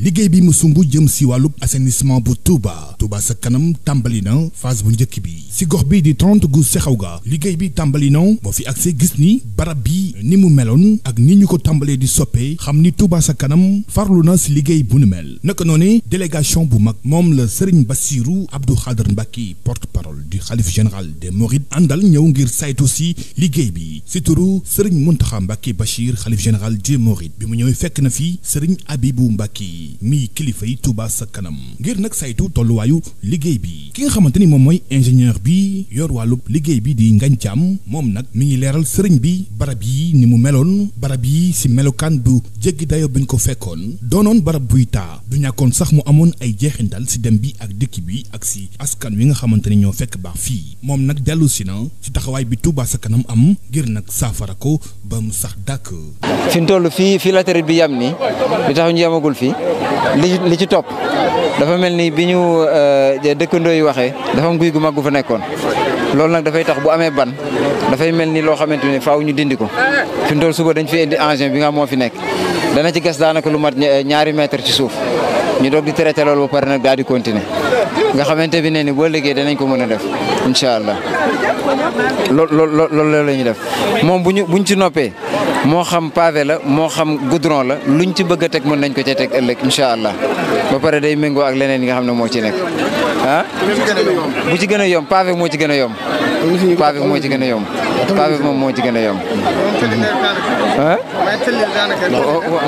liggéey bi mu sumb jëm si wàllu assainissement bu Touba Touba sa kanam tàmbali na phase bu njëkk bi si gox bi di 30 gu sexaw ga liggéey bi tàmbali na boo fi accès gis ni barab bi ni mu meloon ak ni ñu ko tàmbalee di soppee xam ni Touba sa kanam farlu na si liggéey bu nu mel naka noonu délégation bu mag moom la Serigne Bassirou Abdou Khadr Mbacké porte-parole du khalife général des Mourides àndal ñëw ngir saytu si liggéey bi si turu Serigne Mountakha Mbacké Bachir khalife général des Mourides bi mu ñëwee fekk na fi Serigne Abibou Mbacké yi mii kilifa yi sa kanam ngir nag saytu tolluwaayu liggéey bi ki nga xamante ni moom mooy ingénieur bi yor wàllub liggéey bi di Ngagne Thiam moom nag mi ngi leeral sëriñ bi barab yi ni mu meloon barab yi si melokaan bu jéggi dayo bi ñu ko fekkoon doonoon barab buy taa du ñàkkoon sax mu amoon ay jeexintal si dem bi ak dikk bi ak si askan wi nga xamante ni ñoo fekk baax fii moom nag dellu si na si taxawaay bi Touba sa kanam am ngir nag saafara ko ba sax dàkk. fi mu toll fii fii la traite bi yam nii li tax ñu yamagul fii li li ci topp dafa mel ni bi ñu euh, dëkkandoo yi waxee dafa am guy gu mag gu fa nekkoon loolu nag dafay tax bu amee ban dafay mel ni loo xamante ni faaw ñu dindi ko fi mu suba dañ fi di engin bi nga xam moo fi nekk dana ci gas daanaka lu mat euh, ñaari mètre ci suuf ñu doog di traité loolu ba pare nag daal di continuer nga xamante bi nee ni boo liggéey danañ ko mën a def incha allah. loolu loolu loolu la ñuy def moom bu ñu bu ñu ci noppee moo xam pavé la moo xam goudron la lu luñ ci bëgg a teg mën nañ ko cee teg ëllëg incha allah ba pare day méngoo ak leneen yi nga xam ne moo ci nekk ah. bu ci gën a yomb pavé moo ci gën a yomb. paa bi moo ci gën a ci a yomb.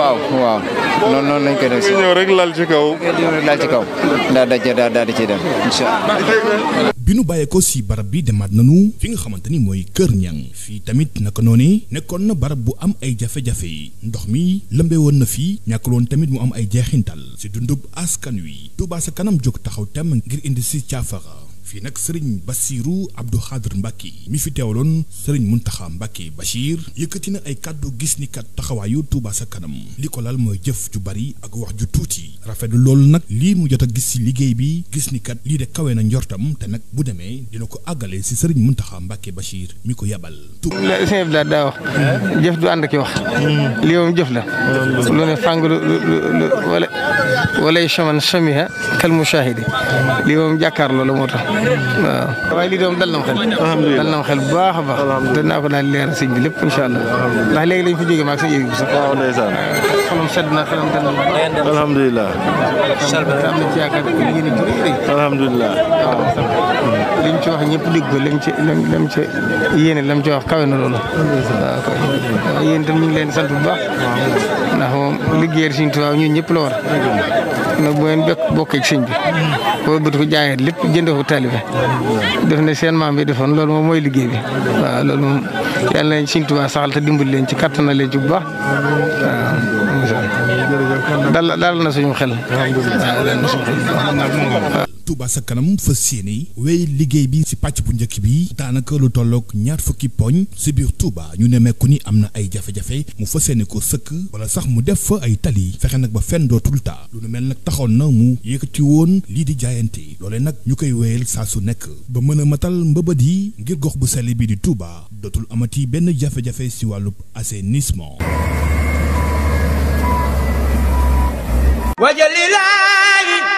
ah. lañ koy def si. ñëw di daal daal di ciy dem si barab bi demaat nanu fi nga xamante ni mooy Kër Ñang fii tamit naka noonu nekkoon na barab bu am ay jafe-jafe ndox mi lëmbee woon na fii ñàkkloon tamit mu am ay jeexintal si dundub askan wi Touba sa kanam jóg taxaw tem ngir indi si caafara fii nag sëriñ Bassirou Abdou Khadr Mbacke mi fi teewloon sëriñ Mountakha Mbacke Bachir yëkkati na ay kàddu gis ni kat taxawaayu tuuba sa kanam li ko laal mooy jëf ju bari ak wax ju tuuti rafetlu loolu nag lii mu jot a gis si liggéey bi gis ni kat lii de kawe na njortam te nag bu demee dina ko àggale si sëriñ Mountakha Mbacke Bachir mi ko yabal. sëñ Bada daa wax. jëf du ànd ki wax. lii moom jëf la. lu ne fàng lu wala wala chaman chamiha kal mushahidi lii moom jàkkaarloo la moo tax. waaw waaye lii doom dal na bu baax a baax danaa ko naan leer sëñ bi lépp insha allah ndax léegi lañ fa jógee sedd na xelam dal na alhamdulilah am na ci liñ ci wax ñëpp dégg ko lañ ci lam ci yéene lam ci wax kawe na loolu waaw kay yéen itam ngi leen sant bu baax ndax moom liggéeyal Sëriñ Tuubaa ñun ñëpp la war nag bu ngeen bekk bi boo bët ko jaayaat lépp jënd ko taalibe def na seen maam bi defoon loolu moom mooy liggéey bi waaw loolu moom yàlla na Sëriñ Tuubaa saxal te dimbali leen ci kattan na leen ci bu baax waaw dal dal na suñu xel Touba sa kanam fas yéene wéy liggéey bi ci pàcc bu njëkk bi daanaka lu tollook ñaar fukki poñ ci biir Touba ñu nemmeeku ni am na ay jafe-jafe mu fa yéene ko sëkk wala sax mu def fa ay tali fexe nag ba fenn dootul taa lu nu mel nag taxoon na mu yëkkati woon lii di jaayante loole nag ñu koy wéyal saa su nekk ba mën a matal mbëbët yi ngir gox bu sell bii di Touba dootul amati benn jafe-jafe ci wàllu assainissement. wajalilaayi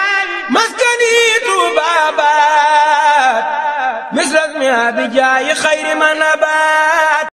rasmiha bi jaayi xayri ma nabaat